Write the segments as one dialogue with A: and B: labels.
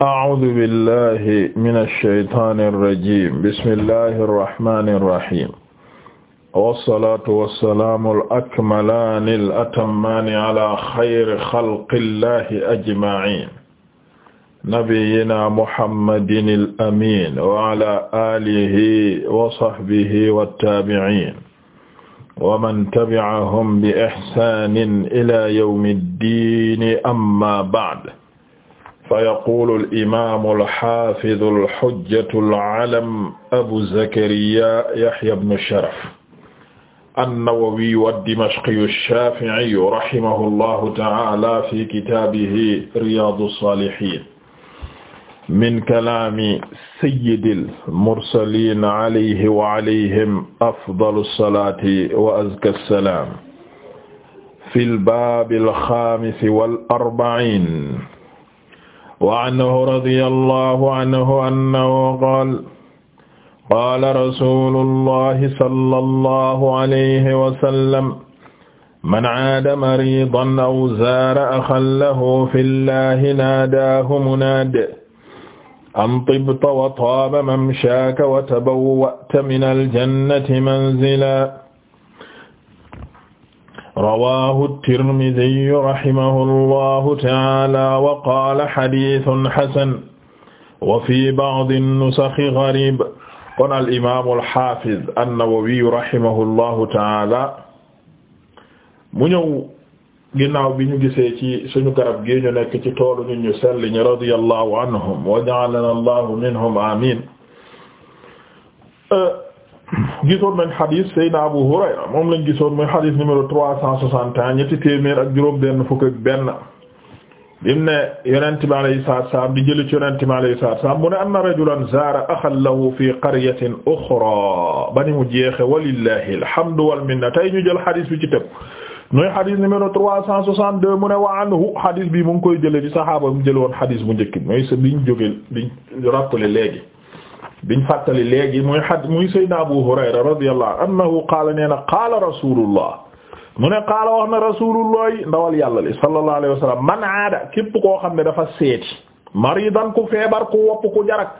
A: a'uudu billahi mina shaytaani rajiim bismillahi rahmaani rahiim. wasalaatu wasalaamu al-akmalaani al-atammaani ala xayri xalqillahi ajma'iin. nabiyyinaa muhammadin al-amiin wa ala aalihi wa sahbihi wat-taabi'iin. wa man tabi'ahum bi ihsaanin ilaa yawmi ddiin amma ba'd. fa yaqulu al-imaam al-haafiz al-hujjatu al-alam abu zakariya yahya ibnu sharaf an-nawawiyu ad-dimashqiyu ash-shaafi'iyu rahimahu llahu ta'aala fi kitaabihi riyaadu saalihiin min kalaami sayyidil mursaliin alayhi wa alayhim afdalu salaati wa azka salaam fil baabil xaamis wal arba'iin wa anhu radiyallahu anhu annahu qaala qaala rasuulullahi sallallahu alayhi wa sallam man aada mariidan aw zaara axan lahu fillaahi naadaahu munaad an tibta wa taaba mamshaaka wa tabawwa'ta minal jannati manzilaa rawaahu tirmiziyu rahimahullahu ta'aala wa qaala hadiisun hasan wa fii ba'di nusaxi gariib kon al imaamul haafiz an-nawawiyu rahimahullahu ta'aala mu ñëw ginnaaw bi ñu gisee ci suñu garab gi ñu nekk ci toolu ñu ñu sell ñi radiyallahu anhum wa ja'alanallahu minhum amiin. gisoon nañ xadis Seydina Abu Hurayra moom lañ gisoon mooy xadis numéro trois cent soixante et un ñetti téeméer ak juróom benn fukk ak benn bim ne yonente bi alayhi salaatu salaam di jëli ci yonente bi alayhi salaatu salaam mu ne anna rajulan zaara axan lahu fi qaryatin uxra ba ni mu jeexe walillahi alhamdu wal minna tey ñu jël xadis bi ci tëb ñooy xadis numéro trois cent soixante deux mu ne wa anhu bi mu ngi koy jële ci saxaaba mu jël woon xadis bu njëkk bi mooy sa biñ jóge biñ rappelé léegi biñ fàttali léegi muy xad muy sayyidina Abu Hurayra radiyallahu anhu qaala nee na qaala rasulullah mu ne qaala na rasulullah yi ndawal yàlla li sallallahu alayhi wa sallam man koo xam ne dafa seeti maridan ku feebar ku wopp ku jarak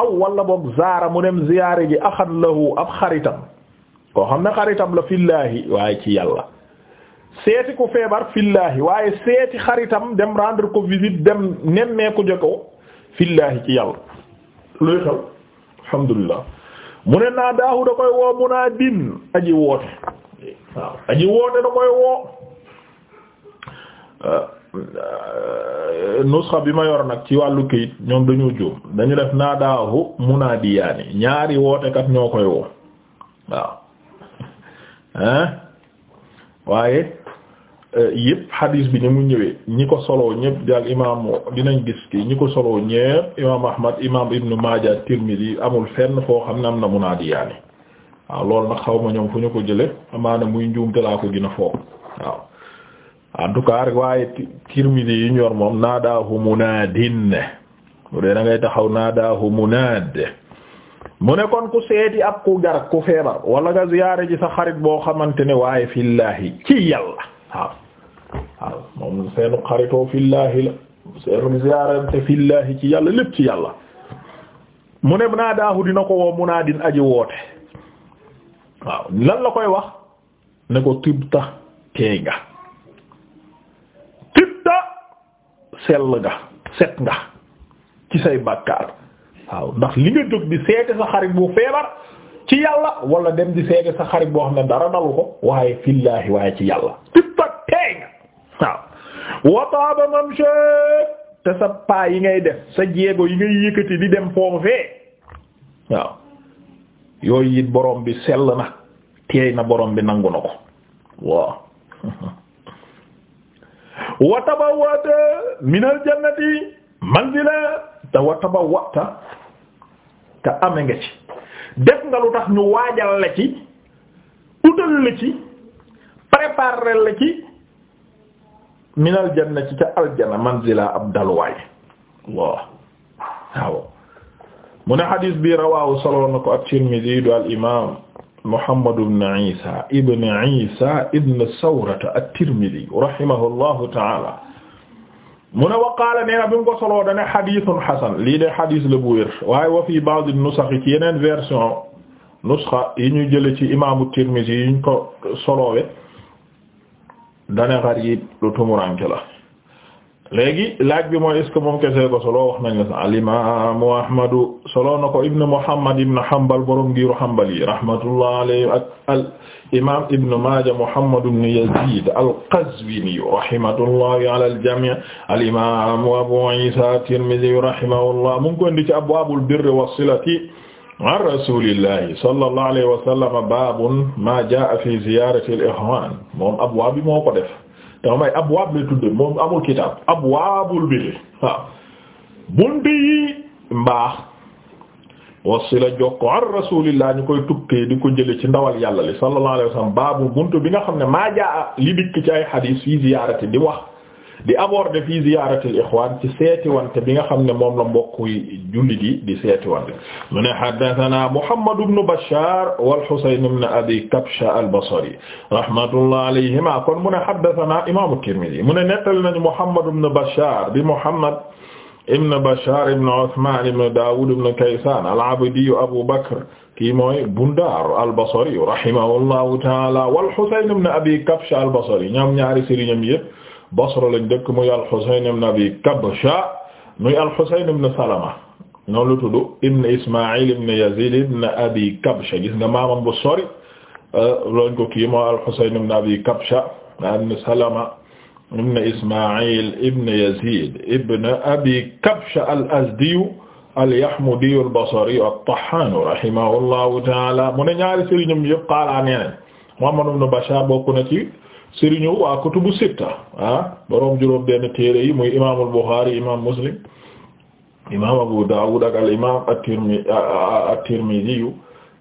A: aw wala zaara mu dem ziyaare ji axan lahu ab xaritam ko xam ne xaritam la fillaahi waaye ci yàlla seeti ko feebar fillaahi waaye seeti xaritam dem rendre ko visite dem nemmee ko jëkkoo fillaahi ci yàlla alhamdulillah mu ne naa daahu da koy woo munaadin aji woote waaw aji woote da koy woo euh, euh, nusxa bi ma yor nag ci wàllu këyit ñoom dañoo jóom dañu def naa daahu munaadiyaani ñaari wootekat ñoo koy woo waaw hein waaye Euh, yëpp hadis bi ni mu ñëwee ñi ko solo ñëpp daal imaamu dinañ gis ki ñi ko soloo ñëpp imaam Ahmad imaam Ibn Maaja Tirmidi amul fenn foo xam ne am na munaadiyaani waaw loolu nag xaw ma ñoom fu ñu ko jële amaana muy njuumte laa ko gën a foog waaw en tout cas waaye Tirmidi yi ñor moom naadaahu munaadin bu dee da ngay taxaw naadaahu munaad mu ne kon ku seeti ab ku garab ku feebar wala nga ziyaare ji sa xarit boo xamante ne waaye fillaahi ci yàlla waaw moom seenu xaritoo fillaahi la seenu ziyaarante fillaahi ci yàlla lépp ci yàlla mu ne naa daahu dina ko woo munaadin aji woote waaw lan la koy wax ne ko tibta teey nga tibta sell nga set nga ci say bàkkaar waaw ndax li nga jóg di seeti sa xarit bu feebar ci yàlla walla dem di seeti sa xarit boo xam ne dara dalu ko waaye fillaahi waaye ci yàlla tibta waaw wataaba mam shek te sa paa yi ngay def sa jéego yi ngay yëkkati di dem foofee waaw yooyu it boroom bi sell na teey na borom bi nangu na ko waaw wataba wata minal jannati manzila te wataba wata te ame nga ci def nga lu tax ñu waajal la ci utal la ci préparer la ci minal janna ci ca aljana manzila ab dalwaay waaw waaw mu ne xadis bi rawaahu solo na ko at-Tirmidhi du al imaam Muhammad ibn Isa ibn Isa ibn Sawrata at-Tirmidhi rahimahullahu ta'ala mu ne waqaala nee na bi mu ko soloo dane xadisun xasan lii de xadis la bu wér waaye wa fi ba'd an-nusakh ci yeneen version nusxa yi ñu jële ci imaamu Tirmidhi yi ñu ko soloowe dane gariib lu tumuranke la léegi laaj bi mooy est-ce que moom kese ko solo wax nañ la sa alimaamu ahmadu solo na ko ibnu muhammad ibnu hanbal borom giiru rahmatullah alayhi ak maaja muhammad ibnu yaziid al qazwini rahmatullahi ala abu iisa at-tirmidhi rahimahullah mu ngi ko indi ci abwaabul birri silati an rasulillahi sallallahu alayhi wa sallam baabun maa jaa fi ziyaarati al-ixwaan moom abwaab bi moo ko def te moom ay abwaab la tudde moom amul kitaab abwaabul birri waaw buntu yi mbaax wasila jokko an rasulillah ñu koy tukkee di ko jële ci ndawal yàlla li sallallahu alayhi wa sallam baabu buntu bi nga xam ne maa jaa li dikk ci ay xadiis fi ziyaarati di wax di aborder fii ziyaaratil ixwaan ci seeti wante bi nga xam ne moom la mbokk jullit yi di seeti wante mu ne haddasanaa Muhammad ibn Bashaar wal Husayn ibn Abi Kabsha al-Basri rahmatullah alayhimaa kon mu ne haddasanaa imaamu Tirmidhi mu ne nettali nañu Muhammad ibn Bashaar bi Muhammad ibn Bashaar ibn Usmaan ibn Daawuud ibn Kaysaan al-Abdi Abu Bakr kii mooy Bundaar al-Basri rahimahullahu ta'aala wal Husayn ibn Abi Kabsha al-Basri ñoom ñaari sëriñam yépp Basra lañ dëkk muy al-Husayn ibn Abi Kabsha muy al-Husayn ibn Salama noonu lu tudd ibn Ismaïl ibn Yazid ibn Abi Kabsha gis nga maamam bu sori euh, looñ ko kii moo al-Husayn ibn Abi Kabsha ibn Salama ibn Ismaïl ibn Yazid ibn Abi Kabsha al-Azdi al-Yahmudi al-Basri at-Tahhan rahimahullahu ta'ala mu ne ñaari sëriñam yëpp qaala nee nañ Muhammad ibn Bashar bokk na ci sëriñu waa kutubu sitta ah borom juróom-benn téere yi muy imaamul Bukhari imaam Muslim imaam Abu Dawud ak al imaam at-Tirmi at-Tirmidhi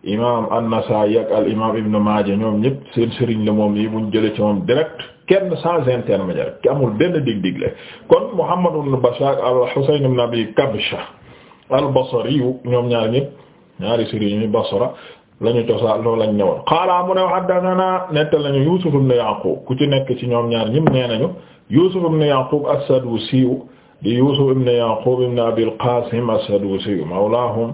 A: imaam an-Nasa'i ak al imaam Ibn Maaja ñoom ñëpp seen sëriñ la moom yi buñ jëlee ci moom direct kenn sans intermédiaire ki amul benn dig-digle kon Muhammad ibn Bashar al-Husayn ibn Abi Kabsha al-Basri ñoom ñaar ñëpp ñaari sëriñ yi Basra lañu cosaan loolu lañ ñëwoon qaala mu ne haddathana nettal nañu Yuusuf ibn Yaqub ku ci nekk ci ñoom ñaar ñim nee nañu Yuusuf ibn Yaqub as-Sadusi di Yuusuf ibn Yaqub ibn Abil Qaasim as-Sadusi mawlaahum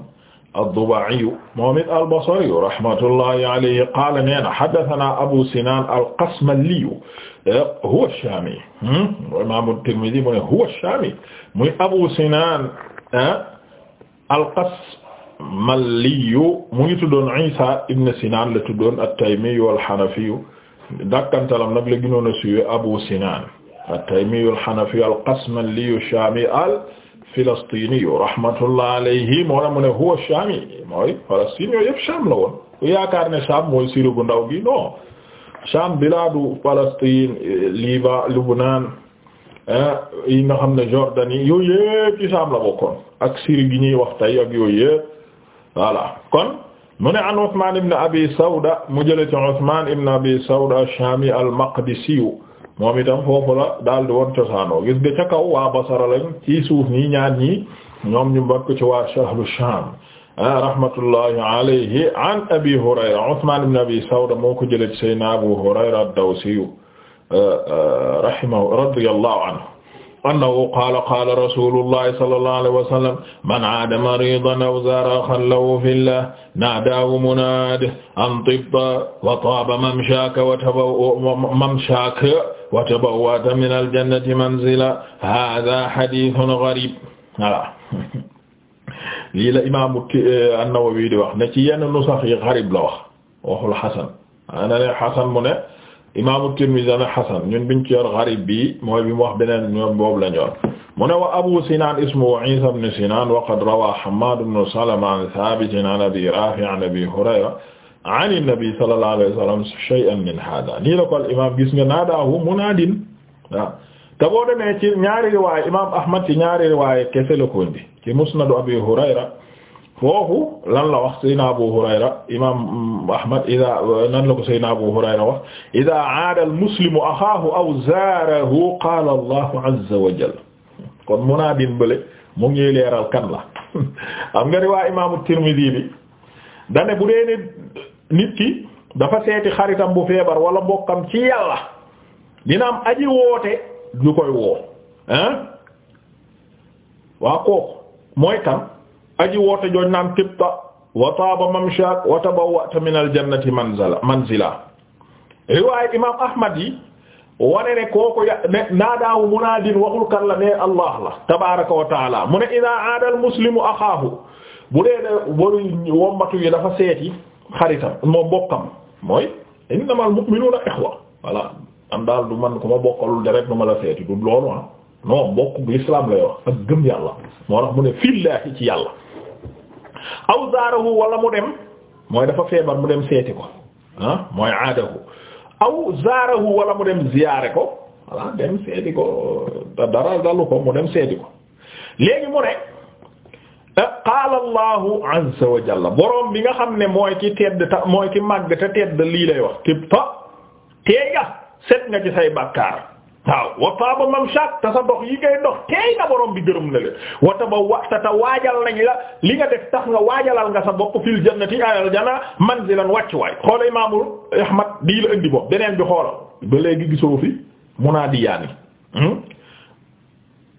A: ad-Duba'i moom it al-Basri rahmatullahi alayhi qaala nee na haddathana Abu Sinan al-Qasmali huwa ash-Shami hmm? imaam at-Tirmidhi mu ne huwa ash-Shami muy Abu Sinan ah, al-Qas Malliyu mu ngi tuddoon Isa ibn Sinan la tuddoon at-Taymiyu al-Hanafiyu dakkantalam nag la gënoon a suwe Abu Sinan at-Taymiyu al-Hanafiyu al-Qasmaliyu ash-Shami al-Filistiniyu rahmatullah alayhi moo mu ne huwa ash-Shami mooy Palestine yooyu yëpp Sham la woon yaakaar ne Sham mooy siiru bu ndaw gi non Sham biladu Palestine Liban Lubnan ah, yi nga xam ne Jordanie yooyu yëpp ci Sham la bokkoon ak Syrie gi ñuy wax tey ak yooyu yëpp voilà kon mu ne an Usmaan ibn Abi Sawda mu jële ci Usmaan ibn Abi Sawda ash-Shaami al-Maqdisiyu moom itam foofu la daal di woon cosaanoo gis nga ca kaw waa Basra lañ ci suuf nii ñaar ñii ñoom ñu bokk ci waa ahlu Shaam ah, rahmatullahi alayhi an Abi Hurayra Usmaan ibn Abi Sawda moo ko jële ci Sayyidina Abu Hurayra ad-Dawsiyu ah, ah, rahimahu radiyallahu anhu annahu qaala qaala rasulullahi sallallahu alayhi wa sallam man aada maridan aw zara axan lahu fillah naadaahu munaad an tibta wa taaba mamshaaka wa tabaw mamshaaka wa tabawwata min aljannati manzila haaza hadiisun gariib voilà lii la imaamu an-Nawawi di wax ne ci yenn nu sax yi gariib la wax waxul xasan ana ne xasan mu ne imaamu Tirmidhi ana Hasan ñun biñ ci yor gharib bi mooy bi mu wax beneen ñoom boobu la ñu yor mu ne wa Abu Sinan ismuhu Isa ibn Sinan wa qad rawa Hammad ibn Salama an Thabit an Abi Rafi' an Abi Hurayra an an-Nabi sallallahu alayhi wa sallam shay'an min hada nii la ko al imaam gis nga naadaahu munaadin waaw te boo demee ci ñaari riwaaya imaam Ahmad ci ñaari riwaaya kese la ko indi ci Musnad Abi Hurayra foofu lan la wax Seydina Abu Hurayra imaam Ahmad ida nan la ko Seydina Abu Hurayra wax ida aada al axaahu aw zaarahu qaala Allahu azza wa jalla kon munaadin bële mu ngi leeral kan la nga riwaa imaamu Tirmidi bi dane bu dee ne nit ki dafa seeti xaritam bu feebar wala mbokkam ci yàlla dina am aji woote lu koy woo ah waa kooku mooy aji woote jooñ naan tibta wa taaba mamshak wa tabawwa'ta min aljannati manzila riwaaya imam ahmad yi wane ne kooku ya ne naadaawu munaadin waxul kan la ne allah la wa taala mu ne idaa aada al muslimu bu dee ne waru wombatu dafa seeti xaritam moom bokkam mooy innamal mu'minuuna ixwa voilà am daal du man ku ma bokkalul deret nu ma la seeti du loolu ah non mbokk bu islam la yor ak gëm moo tax mu ne fillaahi ci yàlla aw zaarahu walla mu dem mooy dafa feebar mu dem seeti ko ah mooy aadahu aw zaarahu walla mu dem ziyaare ko voilà dem seeti ko dara dalu ko mu dem seeti ko léegi mu ne eh, qaala allahu azza wa jalla boroom bi nga xam ne mooy ki tedd ta mooy ki màgg te tedd lii lay wax tib ta teega set nga ci say bàkkaar waaw wa taaba mamshak te sa dox yi ngay dox tey na borom bi gërëm na la wata ba waxtata waajal nañ la li nga def tax nga waajalal nga sa bopp fil jannati ayal jana manzilan wàcc waay xoola imaamul ahmad dii la indi bopp beneen bi xoolal ba léegi gisoo fi munaadiyaani hmm?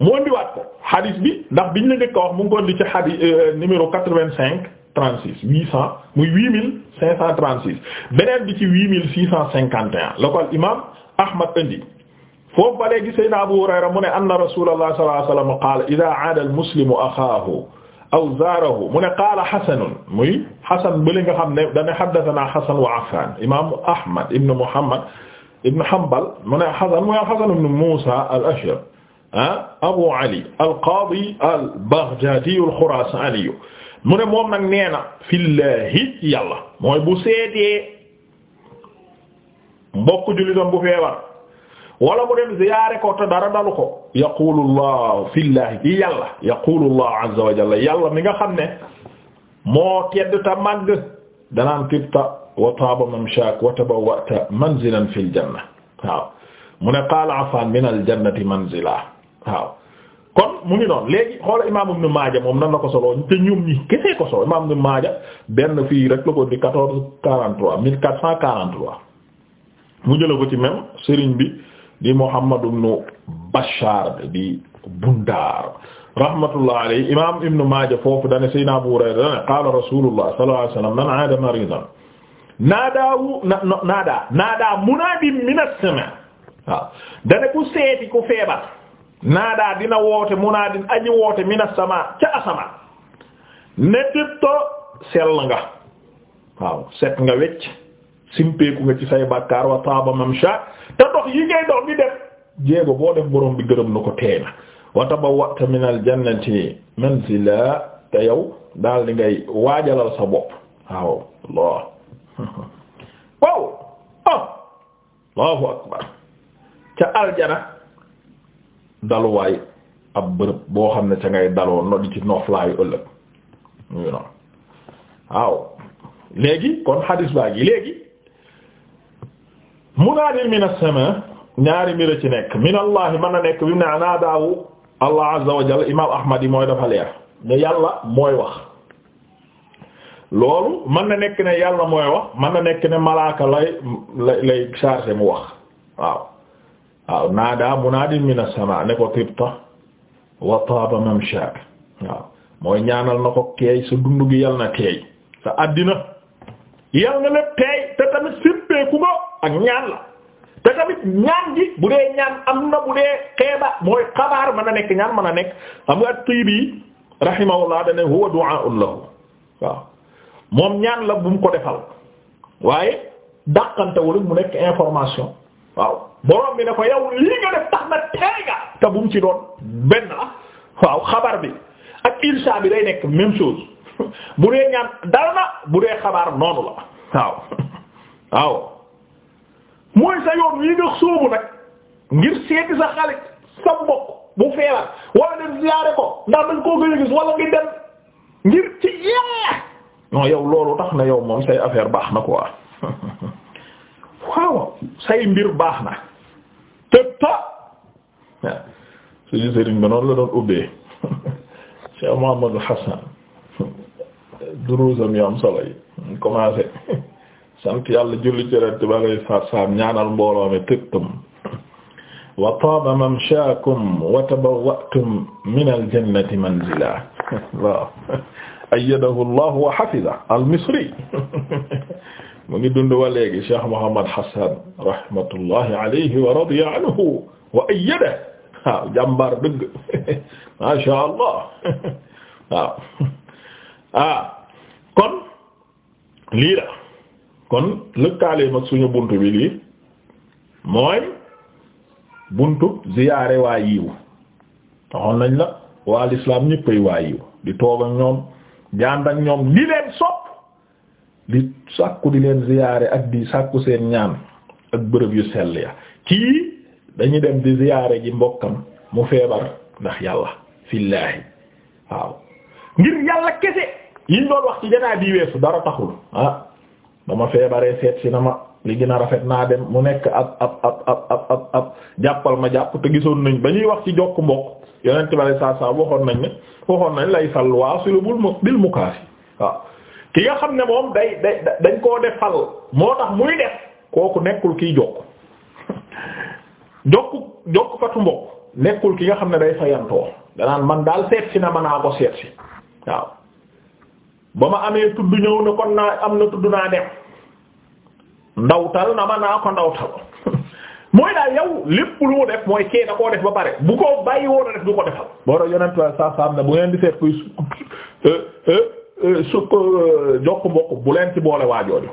A: mu indiwaat ko hadis bi ndax biñ la njëkk a wax mu ngi ko indi ci hadis euh, numéro quatre-vingt-cinq trente-six huit cent muy huit mille cinq cent trente-six beneen bi ci huit mille six cent cinquante et un foofu ba léegi Seydina Abu Hurayra mu ne anna Rasuulullah sallallahu alayhi wa sallam qaala idaa aada al-muslimu axaahu aw zaarahu mu ne qaala Xasanun muy Xasan bële nga xam ne dana haddasanaa Xasan wa Affaan imaamu Ahmad ibn Muhammad ibn Hanbal mu ne Xasan mooy Xasan ibn Muusaa al-Ashhab ah Abu Ali al-Qaadi al-Baghdaadi al-Xuraasaani mu ne moom nag nee na fillaahi yàlla mooy bu seetee mbokk jullitam bu feebar. wala mu dem ziyaare ko te dara dalu ko yaqulu llah fillahi ci yàlla yaqulu llah azza mi nga xam ne moo tedd ta màgg danaan tibta wa taaba mamshak wa tabawwa'ta manzilan fil janna waaw mu ne qaala afan min al jannati manzila waaw kon mu ngi noonu léegi xoola imam ibn maaja moom nan la ko soloo te ñoom ñi kese ko solo imam ibn maaja benn fii rek la ko di 1443 1443 mu jëla ko ci même sëriñ bi di Muhammad ibn Bashar di Bundar rahmatullah alayhi imam Ibn Majah foofu dane sayna Abu Hurayra dane qala rasulullah sallallahu alayhi wasallam man aada maridan naadaawu naadaa naadaa munaadin min as-samaa waaw dane ku ku feebar naadaa dina woote munaadin aji woote min as-samaa ca ne tëb to sell wecc simpeeku nga ci say bàkkaar wa taaba mamsha te dox yi ngay dox bi def jéego boo def borom bi gërëm na ko teena wa tabawwa'ta min al-jannati manzila te yow daal di ngay waajalal sa bopp waaw Allah waaw ah, Allahu akbar ca aljana daluwaay ab bërëb boo xam ne ca ngay daloo no di ci nooflaayu ëllëg waaw léegi kon xadis baa gi léegi munaadin min as-samaa ñaari mbir ci nekk min allah mën na nekk bi mu ne anaa daawu allah azza wa imaam ahmad yi mooy dafa leer ne yàlla mooy wax loolu man na nekk ne yàlla mooy wax man na nekk ne malaaka lay lay chargé mu wax waaw waaw naadaa munaadin min as-samaa ne ko tibta wa taaba mamshaak waaw mooy ñaanal na ko teey sa dundu gi yàlla na teey sa àddina yàlla na lépp teey te tamit sippeeku nga ak ñaan la te tamit ñaan gi bu dee ñaan am na bu dee xeeba mooy xabaar ma a nekk ñaan mën a nekk xam nga at-Tiibi rahimahullah dane huwa du'aa'un lahu waaw moom ñaan la bu mu ko defal waaye dàqantewul mu nekk information waaw borom bi ne ko yow lii nga tax na tey nga bu mu ci doon benn la waaw xabar bi ak irsa bi nekk même chose bu dee ñaan dara na bu dee xabaar noonu la waaw mooy sa yoon yi nga sóobu ngir seeti sa xale sa mbokk bu feebar wala dem ziyaare ko ndax dañ koo a gis wala ngi dem ngir ci yàlla yow loolu tax na yow moom say affaire baax na quoi waaw say mbir baax na te ta waaw suñu ba noonu la doon ubbee Cheikh Mouhamadou Hassan durusam yu am solo sant yàlla julli ci rent ba lay saat saam ñaanal mbooloo mi tëgtum wa taaba mamshaakum wa tabawwa'tum min aljannati manzila waaw ayyadahu allah wa hafiza almisri mu ngi dund wa léegi cheikh Mouhamed Hassan rahmatullahi alayhi wa radiya anhu wa ayyada waaw jàmbaar dëgg ma sha allah waaw ah kon lii la kon lëkkaaleem ak suñu bunt bi lii mooy buntu ziyaare waa yiw taxoon nañ la waa lislaam ñëppay waa yiw di toog ak ñoom jànd ak ñoom li leen sopp di sàkku di leen ziyaare ak di sàkku seen ñaan ak bërëb yu sell ya kii dañu dem di ziyaare ji mbokkam mu feebar ndax yàlla fillaahi waaw ngir yàlla kese yiñ doon wax ci janaa bi weesu dara taxul ah. ba ma feebaree seet si na ma li gën a rafet naa dem mu nekk ab ab ab ab ab jàppal ma jàpp te gisoon nañ ba ñuy wax ci jokk mbokk yeneen tibare saa saa waxoon nañ lay fal waasilu bul mu bil mu kaasi waaw ki nga xam ne moom day day dañ koo defal moo tax muy def kooku nekkul kiy jokk jokk jokk fatu mbokk nekkul ki nga xam ne day fayantoo danaan man daal seet si na ma naa ko seet si waaw boo ma amee tudd ñëw ne kon naa am na tudd naa dem ndawtal na ma naa ko ndawtal mooy daal yow lépp lu mooy kee da def ba pare bu ko bàyyi a def du defal. boo doon yonent saa saa am ne bu ngeen di seet kuy sukk euh, euh, euh, jokk mbokk bu leen ci boole waa jooju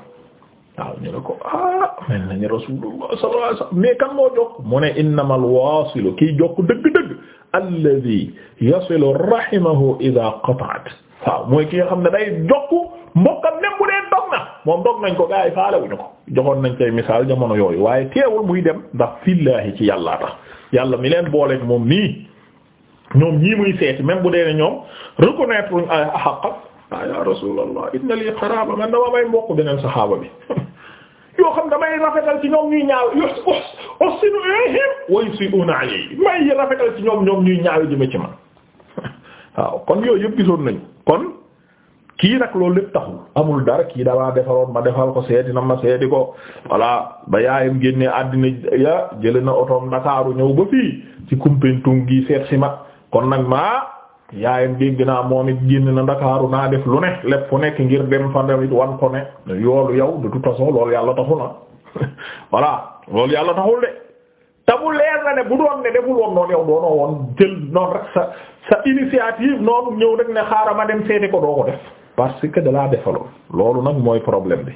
A: waaw ñu ne ko ah mel nañu rasulullah sallallahu alaihi wasallam mais kan moo jokk mu ne innamal wasilu kiy jokk dëgg-dëgg alladhi yasilu rahimahu idha qata'at waaw mooy ki nga xam ne day jokk mbokkam même dee dog na moom dog nañ ko gars yi faalewuñu ko joxoon nañ tey misaal jamono yooyu waaye teewul muy dem ndax fillaahi ci yàllaa tax yàlla mi leen booleeg moom nii ñoom ñii muy seeti même bu dee ne ñoom reconnaître uñ a xaqam ah ya rasulallah inna lii xaraba man dama may mbokk beneen saxaaba bi yoo xam damay rafetal ci ñoom ñuy ñaaw yo os os sinu éhim way si una yi may rafetal ci ñoom waaw kon yooyu yëpp gisoon nañ kon kii nag loolu lépp taxul amul dara kii damaa defaroon ma defal ko seeti na ma seeti ko voilà ba yaayam génnee àddina ya jële na otoom Ndakaaru ñëw ba fii ci Koumpentoum gi seet si ma kon nag maa yaayam dégg naa moom it génn na Ndakaaru naa def lu ne lépp fu nekk ngir dem fa tamit wan ko ne yoolu yow du toute façon loolu yàlla taxul na voilà loolu yàlla taxul de te bu leer na ne bu doon ne deful woon noonu yow doonoo woon jël noonu rek sa sa initiative noonu ñëw rek ne xaaral ma dem seeti ko doo ko def parce que da laa loolu nag mooy problème bi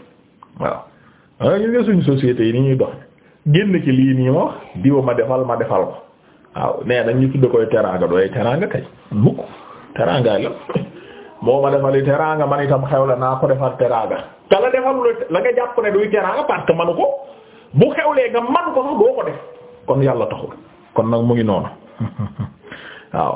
A: waaw. ah yi ni ñuy dox génn ci lii nii ma wax ma defal ma nañ ñu tudd koy teraanga dooy teraanga moo ma defali teraanga man itam xew la naa ko defal teraanga te la defal la nga jàpp ne duy teraanga parce que manu ko bu xewlee nga man ko doo ko def. kon yàlla taxul kon nag mu ngi noonu waaw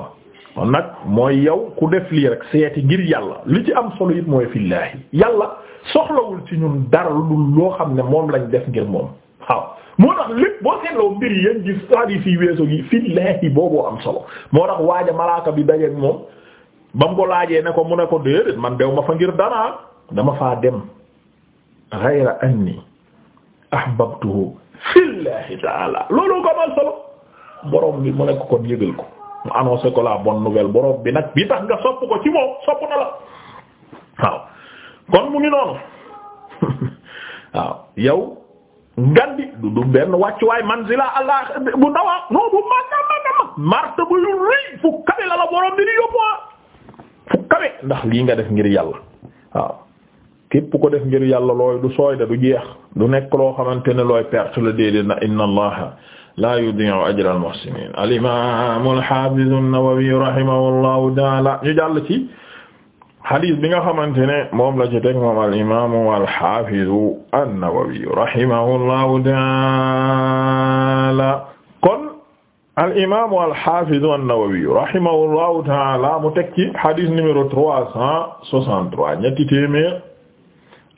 A: kon nag mooy yow ku def lii rek seeti ngir yàlla li ci am solo it mooy fillaahi yàlla soxlawul ci ñun dar lu loo xam ne moom lañ def ngir moom waaw moo tax lépp boo seetloo mbir yi yan gis fii weesu fillaahi booboo am solo moo tax waaja malaaka bi dajeek moom ba mu ko laajee ne ko mu ne ko déedéet man dew ma fa ngir dara dama faa dem ghayra anni ahbabtuhu fillahi taala looloo ko amal solo borom bi mu nekk kon yëgal ko mu annoncé ko la bonne nouvelle borom bi nag bi tax nga sopp ko ci moom sopp na la waaw kon mu ngi noonu waaw yow ngandi du du benn wàccuwaay manzila allah bu ndawaa ah. non bu magga magga mag marte bu rëy fu kawe la la borom bi di yóbbu ah. fu kawe ndax lii nga def ngir yàlla waaw képp ko def ngir yàlla looy du sooy da du jeex du nekk loo xamante ne looy perte la déedéet na inna allaha la yudi'u ajra al muhsinin al imam al hafiz an ñu jàll ci hadith bi nga xamante ne moom la ci teg moom al imam al ta'ala kon al imam al hafiz an-Nawawi rahimahullahu ta'ala mu teg ci hadith numéro 363 ñetti téeméer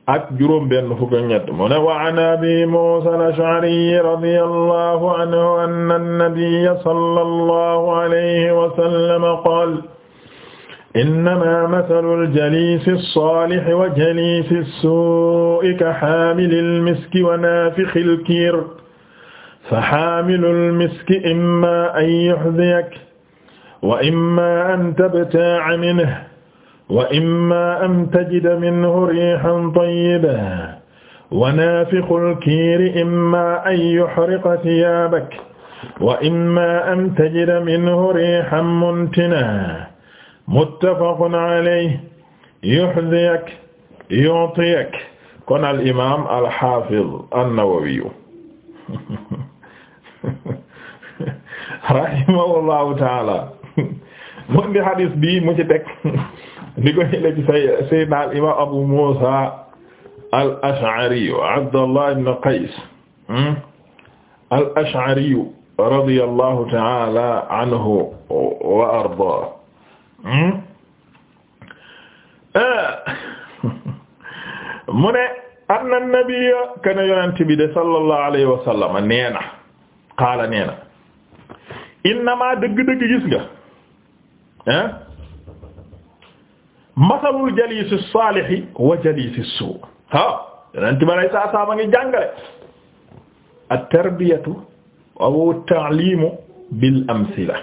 A: ak juróom benn fukk ak ñett mu ne wa an abi musa al-ash'ari radiyallahu anhu anna an-nabiyya sallallahu alayhi wa sallam qala innama mathalu al-jalisi as-salihi wa jalisi as-su'i ka hamili al-miski wa nafikhi al-kir fa hamilu al-miski imma an yuhdhiyak wa imma an tabta'a minhu wa imma an tajida minhu rihan tayyiba wa nafikhul kiiri imma an yuhriqa thiyaabak wa imma an tajida minhu rihan muntina muttafaqun alayhi yuhdiyak yu'tiyak kon al imaam al haafiz an-Nawawi rahimahullahu ta'ala mu ngi hadiis bi mu ci teg li ko jëlee ci Seydina al imaam Abu Muusa al Ash'ari Abdallah ibn Qays hmm? al Ash'ari radiyallahu ta'ala anhu wa ardaahu hmm? eh, mu ne anna nabiyya kana yonent bi de sallallahu alayhi wa sallam neena qaala neena innamaa dëgg-dëgg gis nga eh? masalul jaliisi saalihi wa jaliisi suu ha yonent bi alayhi salaatu ngi jàngale at-tarbiyatu aw at-ta'liimu bil amsila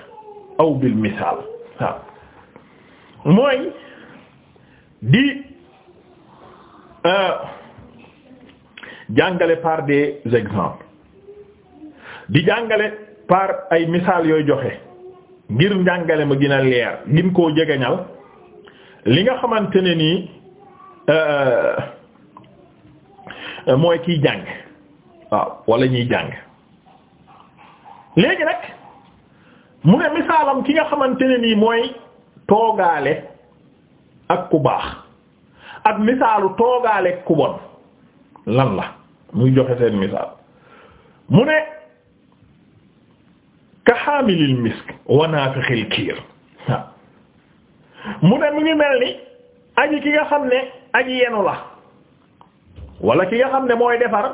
A: aw bil misaal waaw mooy di euh, jàngale par des exemples di jàngale par ay misaal yooy joxe ngir jàngale ma gën a leer gin koo jegeñal li nga xamante ne nii euh, euh, mooy kiy jàng waaw walla ñuy jàng léegi nag mu ne misaalam ki nga xamante ne nii mooy toogaale ak ku baax ak misaalu toogaale ak ku bon lan la muy joxe seen misaal mu ne ka xaamilil misk wa naafixil kiir mu ne mu ngi mel ni aji ki nga xam ne aji yenu la wala ki nga xam ne mooy defar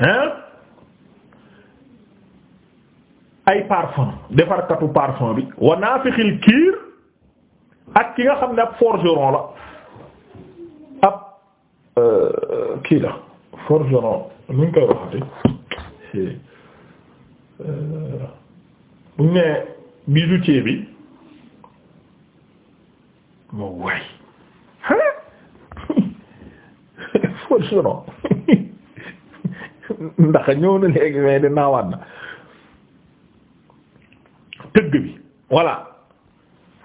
A: hein ay parfum defarkatu parfum bi wa naafixil kiir ak ki nga xam ne ab forgeron la ab euh, kii la forgeron nu ñu koy waxati euh, bu ñu nee bijoutier bi moo waay forgeron ndax ñëw na léegi mais di naawaat na tëgg bi voilà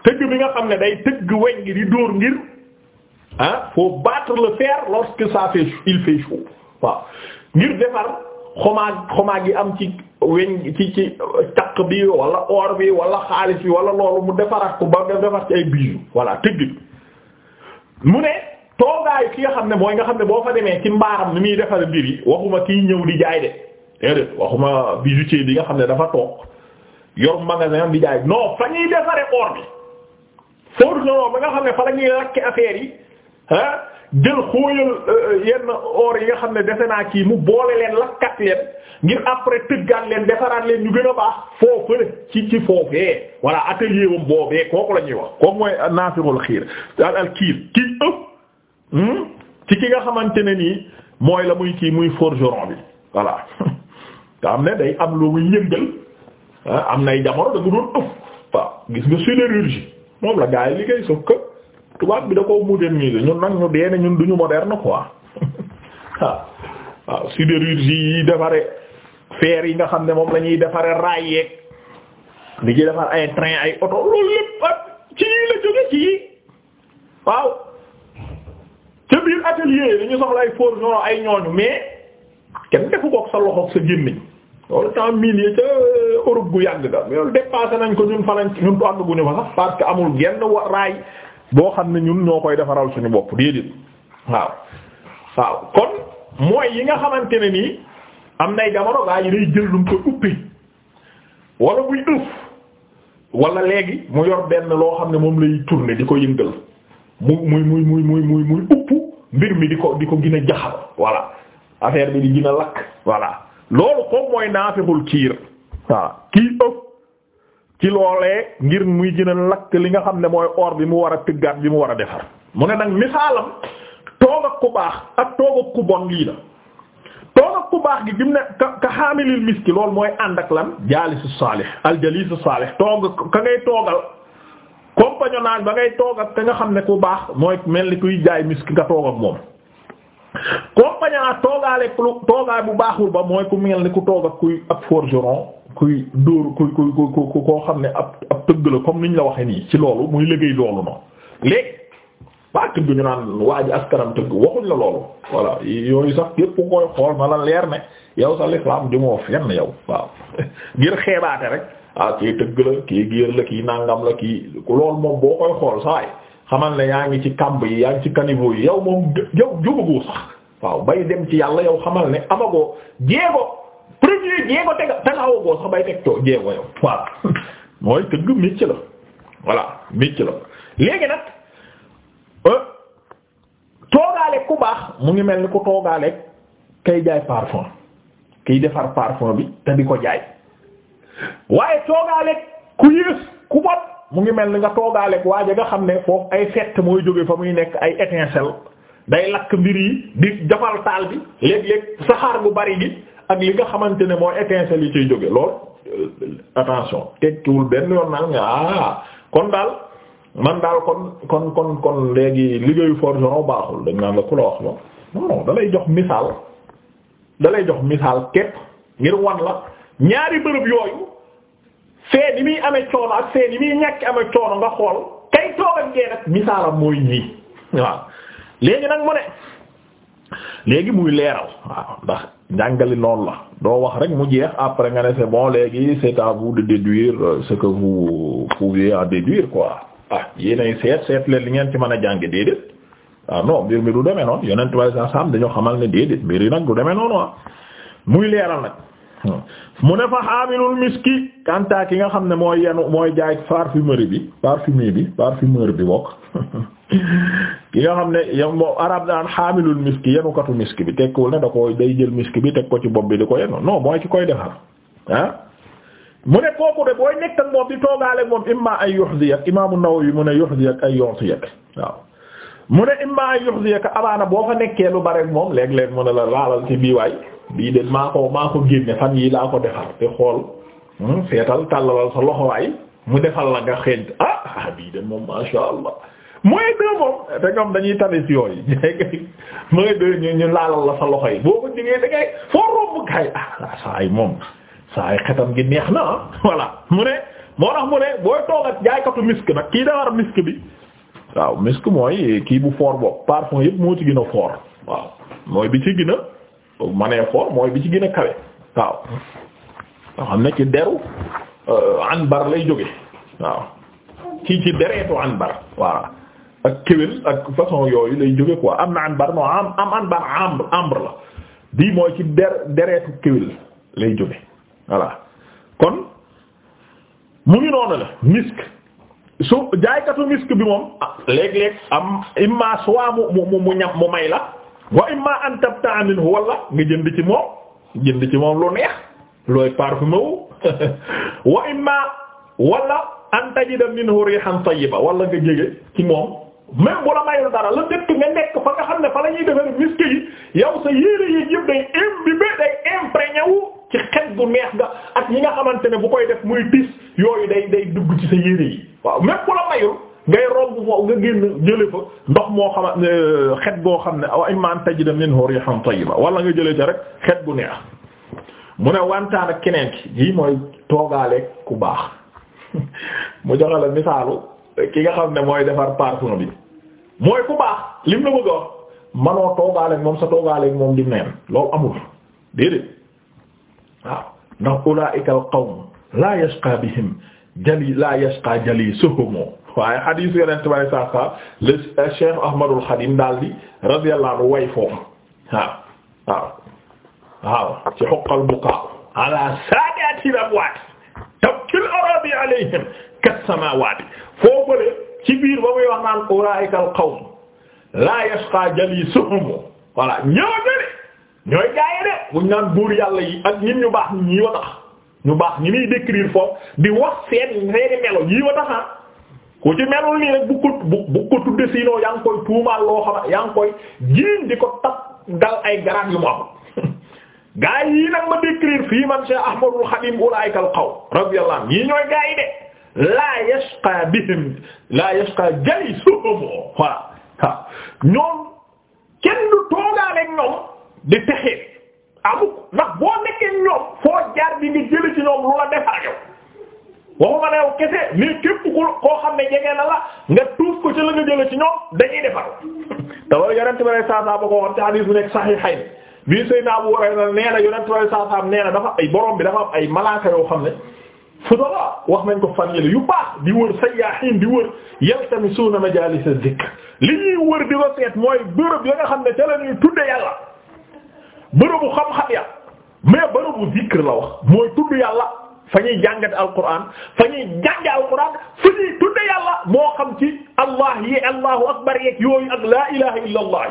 A: tëgg bi nga xam ne day tëgg weñ gi di dóor ngir ah faut battre le fer lorsque ça fait il fait chaud waaw ngir defar xomaag xomaag yi am ci weñ ci ci caq bi wala or bi wala xaalis bi wala loolu mu defaraat ku ba nga defar ci ay bijoux voilà tëgg bi mu ne toogaayu ki nga xam ne mooy nga xam ne boo fa demee ci mbaaram ni muy defar biir yi waxuma kiy ñëw di jaay de déedéet waxuma ci bi nga xam ne dafa toog yor magasin di jaay non fa ba nga xam ne fa la ñuy lakke yi. ah jël xóoyal euh, yenn or yi nga xam ne defe naa kii mu boole leen lakkat leen ngir après tëggaat leen defaraat leen ñu gën a baax foofale ci ci foofee voilà atelier wam boobee kooku la ñuy wax kooku mooy naafirul xiir daal al kiir kii ëpp hmm? ci ki nga xamante ne nii mooy la muy kii muy forgeron bi voilà nga xam ne day am lu muy am nay jamono da nga doon ëpp waaw gis nga sidérurgie moom la gaa yi liggéey sauf que tubaab bi da koo moderniser ñun nag ñu dee ne ñun duñu moderne quoi waaw ah. waaw ah, sidérurgie yi defare fer yi nga xam ne moom lañuy ñuy defare raay yeeg di ci ay train ay oto loolu lépp ak ci la jóge ci waaw ca biir atelier yi dañu soxla ay forgeron ay ñooñu mais kenn defu kook sa loxoog sa gémmiñ loolu temps millier ca Europe gu yàgg ga loolu dépassé nañ ko ñun fa lañ ñun du àgg gu ñu fa sax parce que amul gen raay boo xam ne ñun ñoo koy defaral suñu bopp déedéet waaw waaw kon mooy yi nga xamante ne nii am nay jamono gaa yi day jël lu mu ko uppi wala muy ëf wala léegi mu yor benn loo xam ne moom lay turne di ko yëngal mu muy muy muy muy upp mbir mi di ko di ko gën a jaxal voilà affaire bi di gën a lakk voilà loolu ko mooy naafixul kiir waaw kii ëf ci loolee ngir muy gën lakk li nga xam ne mooy or bi mu war a tëggaat bi mu war a defar mu ne nag misaalam toog ak ku baax ak toog ak ku bon lii la toog ak ku baax gi gim ne ka ka xaamilil miski loolu mooy ànd ak lan jaalisu saalih aljalisu saalih toog ka ngay toogal compagnonnage ba ngay toog ak ka nga xam ne ku baax mooy mel ni kuy jaay miski nga toog ak moom compagnonnage toogaale toogaay bu baaxul ba mooy ku mel ni ku toog ak kuy ak forgeron kuy dóor kuy kuy ku koo xam ne ab tëgg la comme niñ la waxe nii ci loolu muy liggéey loolu noonu léegi waa tëgg ñu naan waa ji askaram tëgg waxuñ la loolu voilà yooyu sax yépp koy xool ma leer ne yow sa lislaam jumoo fenn yow waaw ngir xeebaate rek ah kii tëgg la kii géer la kii nàngam la kii loolu moom boo koy xool saay xamal ne yaa ngi ci kàmb yi yaa ngi ci caniveau yi yow moom yow jógagoo sax waaw bay dem ci yàlla yow xamal ne amagoo jéego premier jéego tega tegaawoo boo sax bay teg too jéego yow voilà mooy tëgg mécc la voilà mécc la léegi nag euh, toogaaleeg ku baax mu ngi mel ni ku toogaaleeg kay jaay parfum kiy defar parfum bi te di ko jaay waaye toogaaleeg ku yées ku bopp mu ngi mel ni nga toogaaleeg waaja nga xam ne foofu ay fett mooy jóge fa muy nekk ay étincelle day lakk mbir yi di jafal taal bi léeg-léeg saxaar bu bari gi ak li nga xamante ne moo étincelle yi ciy jóge lool euh, attention tekkiwul benn yoon naan nga ah kon daal man daal kon kon kon kon léegi liggéeyu forgeron baaxul dañ naan la ku la wax moom non non jox misaal dalay jox misaal képp ngir wan la ñaari bërëb yooyu fee ni muy ame coono ak fee ni muy ñàkk amee coono nga xool kay toogal ngeen ak misaalam mooy ñii waaw léegi nag mu ne léegi muy leeral waaw ndax njàngali noonu la doo wax rek mu jeex après nga ne c'est bon léegi c'est à vous de déduire euh, ce que vous pouvez en déduire quoi ah yéenay seet seet leen li ngeen ci mën a jàng déedéet ah non mbir mi du demee noonu yonent way sa sam dañoo xamal ne déedéet mbir yi nag du demee noonu ah muy leeral nag Hmm. mu ne fa xaamilul miski kanta ki nga xam ne mooy yenu mooy jaay parfumerie bi parfumier bi parfumeur bi bokk ki nga xam ne yow moom arab daan xaamilul miski yenukatu miski bi tekkiwul ne da ko day jël miski bi teg ko ci bopp bi di ko yenu non mooy ki koy defar ah mu ne kooku de booy nekk ak moom di toogaale moom imma ay yuhdiyak imaamu Nawawi mu ne yuhdiyak ay yu'tiyak waaw mu ne imma ay yuhdiyak abaana boo fa nekkee lu bare moom léeg-léeg mu ne la laalal ci bii de maa ko maa ko génne fan yii laa ko defar te xool hmm, seetal tàllalal sa loxowaay mu defal la nga xeeñ ah, ah bii de moom masha Allah mooy deux moom te ñoom dañuy tane si yooyu mooy deux ñu ñu laalal la sa loxo yi boo ko jigee da ngay foo gaay ah, ah moom saa xetam gi neex na ah mu ne moo tax mu ne booy toog ak jaaykatu misk nag kii daa war misk bi waaw misk mooy kii bu fort bopp parfum yëpp moo ci gën a waaw mooy bi ci gën manee fort mooy bi ci gën a kawe waaw xam ne ci deru euh, anbar lay jóge waaw kii ci dereetu anbar voilà ak kéwél ak façon yooyu lay jóge la bii mooy ci der dereetu kéwél kon mu ngi noonu la misk su jaaykatu misk bi moom ah, léeg-léeg am imma soit mu mu may la wa imma an tabta'a minhu wala nga jënd ci moom jënd ci moom lu neex looy parfumé wu wa imma wala an tajida minhu rihan tayyiba wala nga jege ci moom même bu la mayul dara la dëkk nga nekk fa nga xam ne fa la ñuy defar misk yi yow sa yére yi yëpp day imbibé day imprégné ci xet gu neex nga ak ñi nga xamante ne bu koy def muy pis yooyu day day dugg ci sa yére yi waaw même bu la mayul. ngay romb foofu nga génn jële fa ndox moo xama euh, xet goo xam ne aw imma an tajida minhu rihan tayyiba wala nga jële ca rek xet bu neex mu ne wantaan ak keneen ki lii mooy toogaaleeg ku baax mu joxe la misaalu ki nga xam ne mooy defar parfum bi mooy ku baax lim la bëgg a manoo toogaaleeg moom sa toogaaleeg moom di neen loolu amul déedéet waaw ndax ulaa'ika al qawm laa yashqaa bihim jali laa yashqaa jalisuhum waaye xadiis yonent bari saa saa le Cheikh Ahmadul Xadim daal di radiyallahu anhu way foofu waaw waaw waaw ci xoqal buqaa ala saadatil abwaat tabkil arabi alayhim kas-samaawaati foofu de ci biir ba muy wax naan ulaa'ikal qawm laa yashqaa jaliisuhum voilà ñooy gaaye de buñ naan buur yàlla yi ak ñin ñu baax ñi wa tax ñu baax ñi muy décrire foofu di wax seen seeni melo yi wa tax ku ci melul nii rek bu ko siinoo yaa koy tuumaal loo xam koy jiiñ di ko tab dal ay garab yu mu am gaa yi nag ma décrire fii man Cheikh Ahmadul Xadim ulaayika al qawm radiyallahu anhu ñii ñooy de laa yashqa bihim laa yashqa jalisuhum voilà ñoom kenn du toogaale di texee amuk ndax boo nekkee foo jaar bi nga jëlee lu la def waxuma ne yow kese mais képp ku koo xam ne jege na la nga tuuf ko ci la nga jëlee ci ñoom de defar te loolu yonent bi saa saa ba ko xam te hadith bu nekk sahihayn bii Seydina Abu Hurayra nee na yonent bi saa saa nee na dafa ay borom bi dafa am ay malaaka yoo xam ne fudala wax nañ ko fan yële yu baax di wër sayyahin di wër yaltamisuuna majaalis az-zikr li ñuy wër di ko seet mooy bërëb ya nga xam ne ca la ñuy tudde yàlla bërëbu xam-xam ya mais bërëbu zikr la wax fa ñuy jàngate alquran fa ñuy jànge moo xam ci allah yi allahu akbar yeeg yooyu ak laa ilaha illa allah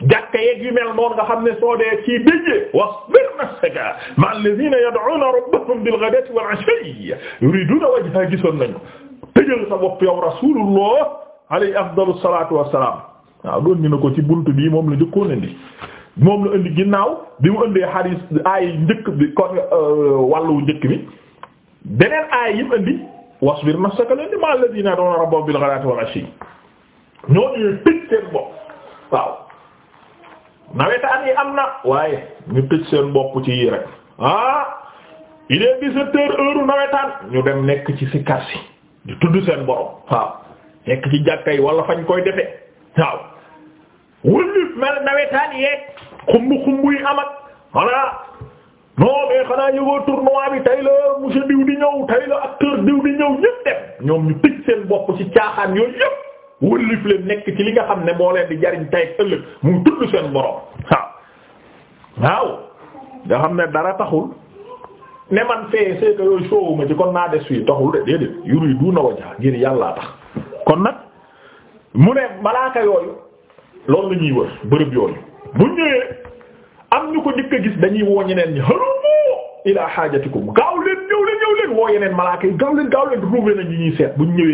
A: jàkka yeeg yu mel noonu nga xam ne soo dee ci déjee wasbir nafsaka ma'a alladhina yad'una rabbahum bil ghadati wal 'ashiyyi yuriduna wajha gisoon nañu tëjal sa bopp yow rasulullah alayhi afdalu salatu wassalam waaw doon dina ko ci buntu bii moom la jëkkoon indi moom la indi ginnaaw bi mu indee xadiis aay njëkk bi kon euh, wàllu njëkk bi beneen aay yi mu indi wasbir nafsaka leen nawetaan yi am na waaye ñu tëj seen bopp ci yii rek ah il est 17 heures heure nawetaan ñu dem nekk ci si karsi di tudd seen borom waaw nekk ci jàkka yi wala fañ koy defee waaw wëllu mel nawetaan yeeg xumb xumb yi am ak voilà non mais xanaa yëgoo tournoi bi tey la monsieur diw di ñëw tey la acteur diw di ñëw ñëpp dem ñoom ñu tëj seen bopp ci caaxaan yooyu yëpp wëllif leen nekk ci li nga xam ne moo leen di jariñ tey ëllëg mu tudd seen borom waaw waaw nga xam ne dara taxul ne man fee c'est yooyu soowu ci kon naa des fii taxul de déedéet yuri du na wajaa ngir yàllaa tax kon nag mu ne malaaka yooyu loolu la ñuy wër bërëb yooyu bu ñëwee am ñu ko njëkk a gis dañuy woo ñeneen ñi halumu ilaa xaajatikum gaaw leen ñëw leen ñëw leen woo yeneen malaaka yi gaaw leen gaaw leen ruube na ñu ñuy seet bu ñu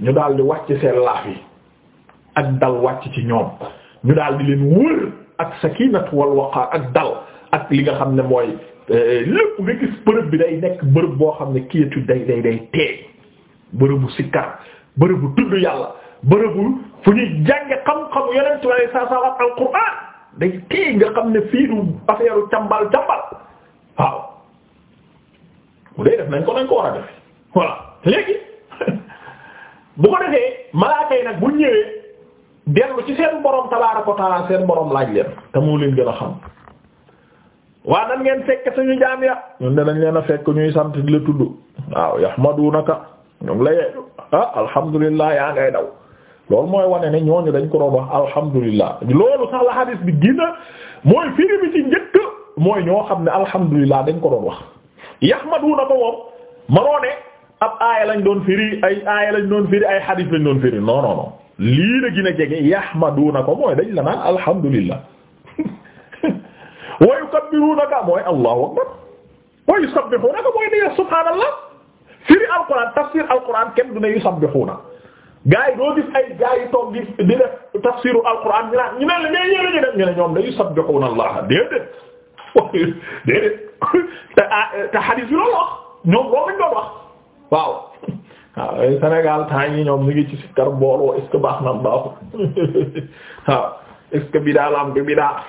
A: ñu daal di wàcc seen laax yi ak dal wàcc ci ñoom ñu daal di leen wër ak sakinat wal ak dal ak li nga xam ne mooy eh, lépp nga gis bërëb bi day nekk bërëb boo xam ne kiyatu day day day teey bërëbu sikkar bërëbu tudd yàlla bërëbu fu ñuy jànge xam-xamu yeneen ci saa saa day téye nga xam ne fii du affaire càmbal càmbal waaw bu dee def nañ ko nañ ko war a def voilà léegi bu ko defee malaaka nag bu ñëwee dellu ci seen borom tabaaraka ko taala seen borom laaj leen te moo leen gën a xam waa nan ngeen fekk suñu jaam ya ñun ne dañ leen a fekk ñuy sant di la tudd waaw yahmadunaka ñu ngi lay ah alhamdulillah yaa ngay daw loolu mooy wane ne ñooñu dañ ko doon wax alhamdulilah loolu sax la hadis bi gina mooy firi ci njëkk mooy ñoo xam ne alhamdulilah dañ ko doon wax yahmaduna ko moom manoo ab aaya lañ doon firi ay aaya lañ doon firi ay hadis lañ doon firi non lii la gën a jege yahmaduna ko mooy dañ la naan alhamdulilah wa yukabbirunaka mooy allahu akbar wa yusabbihunaka mooy ne subhaanallah firi alquran tafsir alquran kenn du ne yusabbihuna gaa yi doo gis ay gaa toog di tafsiru alquran ñu naan ñu la mais yéen ñu def ñu ne allah déedéet déedéet te ah te hadith bi loolu wax ñoom loolu lañ doon wax waaw. waaw Sénégal temps yi ñoom ñu ngi ci sikkar mbooloo est baax na baaxul waaw bidaa la am bi bidaa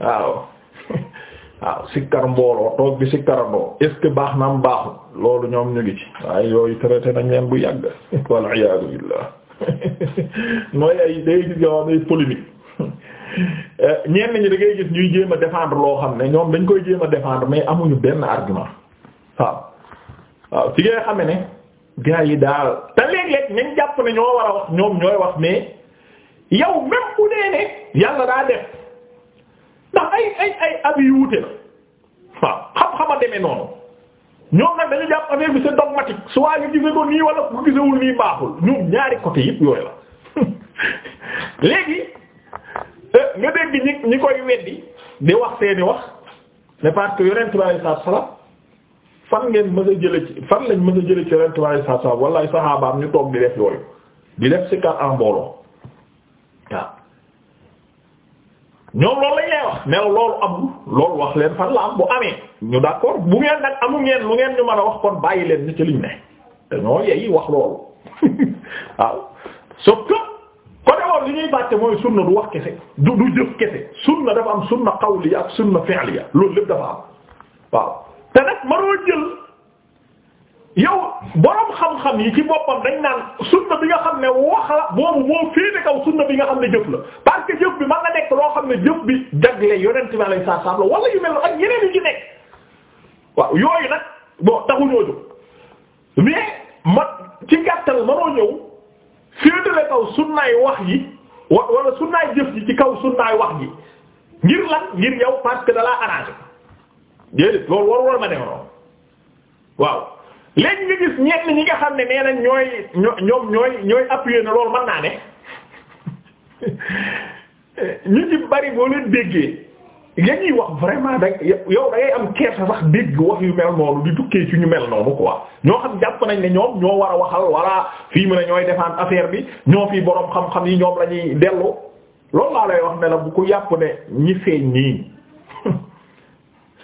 A: waaw sikkar mbooloo toog bi sikkarandoo est ce baax na baaxul. loolu ñoom ñu ngi ci yooyu traité nañ leen bu yàgg wal iyaadu billah mooy ay day gis nga wax ay polémique eh, ñenn ñi da ngay gis ñuy a défendre loo xam ne ñoom dañ koy jéem a défendre mais amuñu benn argument waaw waaw fi ngay xame ne gars yi daal te léeg-léeg ñoo war wax ñoom ñooy wax mais yow même bu dee ne yàlla daa def ndax ay ay ay abi yu wuute la waaw xam-xama noonu. ñoo nag dañu jàpp affaire bi c'est dogmatique soit nga gise ko nii wala ku gisewul nii baaxul ñu ñaari côté yëpp yooyu la léegi eh, nga dégg ñi ñi koy weddi di wax seeni wax mais parce que yonent bi alayhi salaatu salaam fan ngeen mën a jële ci fan lañ mën a jële ci yonent bi alayhi salaatu salaam wallaay saxaabaam ñu toog di def yooyu di def si kar en mbooloo ñoom loolu lañ lay wax mais loolu amul loolu wax leen fan la am bu amee ñu d'accord bu ngeen nag amu ngeen lu ngeen ñu mën a wax kon bàyyi leen ñu ci liñ ne dañoo yeyi wax loolu waaw sauf que côté woon li ñuy bàtte mooy sunna du wax kese du du jëf kese sunna dafa am sunna qawliya ak sunna fi'liya loolu lépp dafa te nag mënoo jël. yow borom xam-xam yi ci boppam dañ naan sunna bi nga xam ne wax la boobu moo féete kaw sunna bi nga xam ne jëf la parce que jëf bi man na nekk loo xam ne jëf bi jagle yonent bi alayhi salaam la wala yu mel ak yeneen yu ci nekk waaw yooyu nag bon taxuñoo jóg mais ma ci gàttal manoo ñëw féetale kaw sunnaay wax yi wala sunnaay jëf ji ci kaw sunnaay wax ji ngir lan ngir yow parce que dalaa arrangé déedéet loolu waru war ma dem waaw léegi nga gis ñenn ñi nga xam ne nee nañ ñooy ñoom ñooy ñooy appuyer na loolu mën naa ne ñu ci bari boo leen déggee ya wax vraiment da yow da am kersa sax dégg wax yu mel noonu di tukkee ci ñu mel noonu quoi ñoo xam jàpp nañ ne ñoom ñoo war a waxal walla fii mu ne ñooy defaan affaire bi ñoo fi boroom xam-xam yi ñoom la ñuy dellu loolu laa lay wax ne la bu ko yàpp ne ñi feeñ nii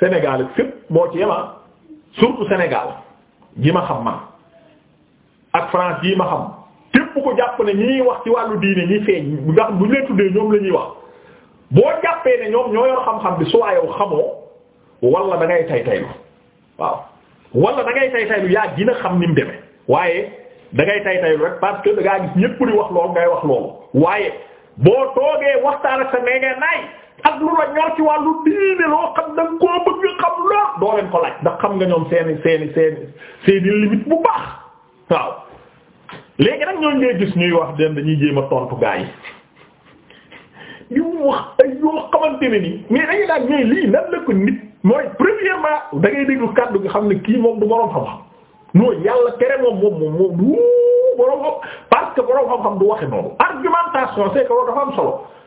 A: Sénégal fépp moo ci yema ah, surtout Sénégal yi ma xam man ak France yi ma xam képp ko jàpp ne ñi wax ci wàllu diine ñi feeñ ndax bu ñu leen tuddee ñoom la ñuy wax boo jàppee ne ñoom ñoo yor xam-xam bi soit yow xamoo wala da ngay tay taylu waaw wala da ngay tay taylu yaa gën a xam ni mu demee waaye da ngay tay taylu rek parce que gis ñépp di wax loolu ngay wax loolu waaye boo toogee waxtaan ak sa nee ngay ak lu la ñor ci wàllu diine loo xam da nga koo bëgg xam lool doo leen ko laaj ndax xam nga ñoom seeni seeni seeni seeni limite bu baax waaw léegi nag ñooñu ngay gis ñuy wax den dañuy jéem a tontu gaa yi lii nan la mooy premièrement da ngay kàddu gi xam ne kii moom du boroom xam-xam non yàlla tere moom moom moom du boroom xam xam-xam du waxe noonu argumentation c'est que dafa am solo.